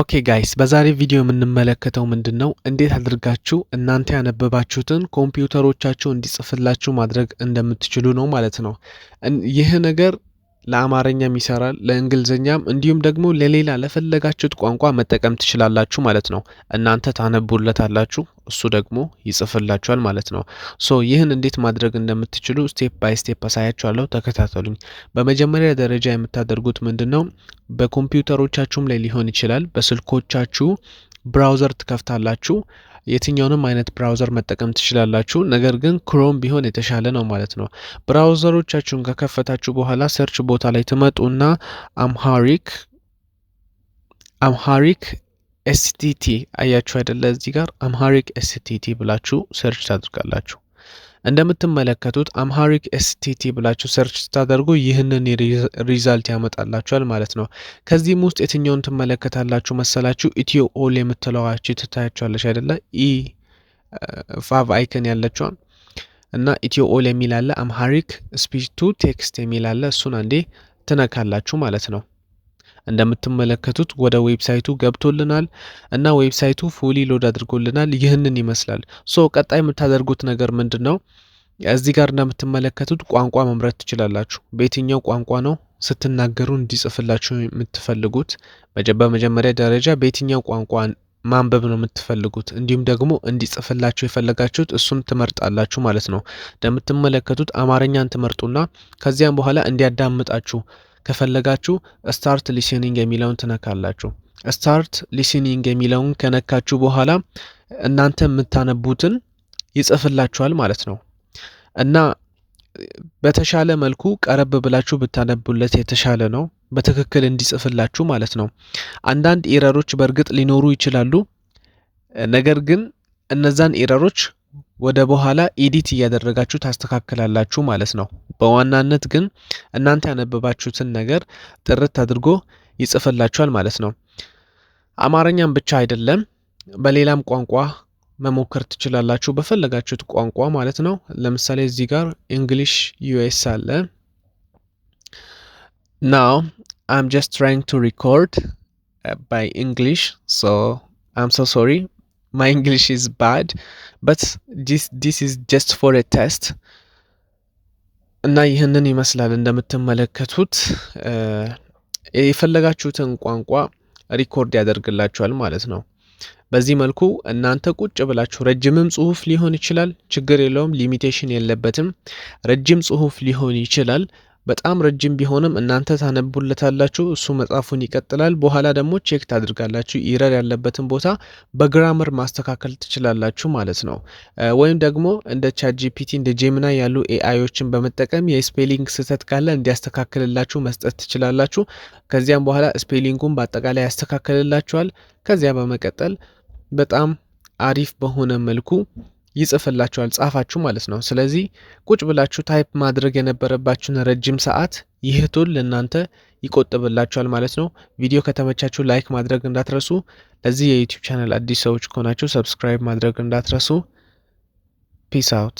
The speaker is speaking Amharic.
ኦኬ ጋይስ በዛሬ ቪዲዮ የምንመለከተው ምንድን ነው እንዴት አድርጋችሁ እናንተ ያነበባችሁትን ኮምፒውተሮቻችሁ እንዲጽፍላችሁ ማድረግ እንደምትችሉ ነው ማለት ነው። ይህ ነገር ለአማርኛም ይሰራል ለእንግሊዝኛም እንዲሁም ደግሞ ለሌላ ለፈለጋችሁት ቋንቋ መጠቀም ትችላላችሁ ማለት ነው። እናንተ ታነቡለታላችሁ፣ እሱ ደግሞ ይጽፍላችኋል ማለት ነው። ሶ ይህን እንዴት ማድረግ እንደምትችሉ ስቴፕ ባይ ስቴፕ አሳያችኋለሁ፣ ተከታተሉኝ። በመጀመሪያ ደረጃ የምታደርጉት ምንድን ነው? በኮምፒውተሮቻችሁም ላይ ሊሆን ይችላል፣ በስልኮቻችሁ ብራውዘር ትከፍታላችሁ የትኛውንም አይነት ብራውዘር መጠቀም ትችላላችሁ። ነገር ግን ክሮም ቢሆን የተሻለ ነው ማለት ነው። ብራውዘሮቻችሁን ከከፈታችሁ በኋላ ሰርች ቦታ ላይ ትመጡና አምሃሪክ አምሃሪክ ኤስቲቲ አያችሁ አይደለ? እዚህ ጋር አምሃሪክ ኤስቲቲ ብላችሁ ሰርች ታድርጋላችሁ። እንደምትመለከቱት አምሃሪክ ኤስቲቲ ብላችሁ ሰርች ስታደርጉ ይህንን ሪዛልት ያመጣላችኋል ማለት ነው። ከዚህም ውስጥ የትኛውን ትመለከታላችሁ መሰላችሁ? ኢትዮ ኦል የምትለዋች ትታያቸዋለች አይደለ? ኢ ፋቭ አይከን ያለችዋን እና ኢትዮ ኦል የሚላለ አምሃሪክ ስፒች ቱ ቴክስት የሚላለ እሱን አንዴ ትነካላችሁ ማለት ነው። እንደምትመለከቱት ወደ ዌብሳይቱ ገብቶልናል እና ዌብሳይቱ ፉሊ ሎድ አድርጎልናል። ይህንን ይመስላል። ሶ ቀጣይ የምታደርጉት ነገር ምንድን ነው? እዚህ ጋር እንደምትመለከቱት ቋንቋ መምረጥ ትችላላችሁ። በየትኛው ቋንቋ ነው ስትናገሩ እንዲጽፍላችሁ የምትፈልጉት? በመጀመሪያ ደረጃ በየትኛው ቋንቋ ማንበብ ነው የምትፈልጉት፣ እንዲሁም ደግሞ እንዲጽፍላችሁ የፈለጋችሁት እሱን ትመርጣላችሁ ማለት ነው። እንደምትመለከቱት አማርኛን ትመርጡና ከዚያም በኋላ እንዲያዳምጣችሁ ከፈለጋችሁ ስታርት ሊስኒንግ የሚለውን ትነካላችሁ። ስታርት ሊስኒንግ የሚለውን ከነካችሁ በኋላ እናንተ የምታነቡትን ይጽፍላችኋል ማለት ነው እና በተሻለ መልኩ ቀረብ ብላችሁ ብታነቡለት የተሻለ ነው፣ በትክክል እንዲጽፍላችሁ ማለት ነው። አንዳንድ ኤረሮች በእርግጥ ሊኖሩ ይችላሉ። ነገር ግን እነዛን ኤረሮች ወደ በኋላ ኤዲት እያደረጋችሁ ታስተካክላላችሁ ማለት ነው። በዋናነት ግን እናንተ ያነበባችሁትን ነገር ጥርት አድርጎ ይጽፍላችኋል ማለት ነው። አማርኛም ብቻ አይደለም፣ በሌላም ቋንቋ መሞከር ትችላላችሁ፣ በፈለጋችሁት ቋንቋ ማለት ነው። ለምሳሌ እዚህ ጋር እንግሊሽ ዩኤስ አለ። ናው አም ጀስት ትራይንግ ቱ ሪኮርድ ባይ እንግሊሽ ሶ አም ሶ ሶሪ my English is bad, but this, this is just for a test እና ይህንን ይመስላል እንደምትመለከቱት የፈለጋችሁትን ቋንቋ ሪኮርድ ያደርግላችኋል ማለት ነው። በዚህ መልኩ እናንተ ቁጭ ብላችሁ ረጅምም ጽሁፍ ሊሆን ይችላል፣ ችግር የለውም፣ ሊሚቴሽን የለበትም። ረጅም ጽሁፍ ሊሆን ይችላል። በጣም ረጅም ቢሆንም እናንተ ታነቡለታላችሁ። እሱ መጽሐፉን ይቀጥላል። በኋላ ደግሞ ቼክ ታድርጋላችሁ። ኢረር ያለበትን ቦታ በግራመር ማስተካከል ትችላላችሁ ማለት ነው። ወይም ደግሞ እንደ ቻትጂፒቲ እንደ ጄምና ያሉ ኤአይዎችን በመጠቀም የስፔሊንግ ስህተት ካለ እንዲያስተካክልላችሁ መስጠት ትችላላችሁ። ከዚያም በኋላ ስፔሊንጉን በአጠቃላይ ያስተካክልላችኋል። ከዚያ በመቀጠል በጣም አሪፍ በሆነ መልኩ ይጽፍላችኋል ጻፋችሁ ማለት ነው። ስለዚህ ቁጭ ብላችሁ ታይፕ ማድረግ የነበረባችሁን ረጅም ሰዓት ይህ ቱል ለእናንተ ይቆጥብላችኋል ማለት ነው። ቪዲዮ ከተመቻችሁ ላይክ ማድረግ እንዳትረሱ። ለዚህ የዩቲዩብ ቻናል አዲስ ሰዎች ከሆናችሁ ሰብስክራይብ ማድረግ እንዳትረሱ። ፒስ አውት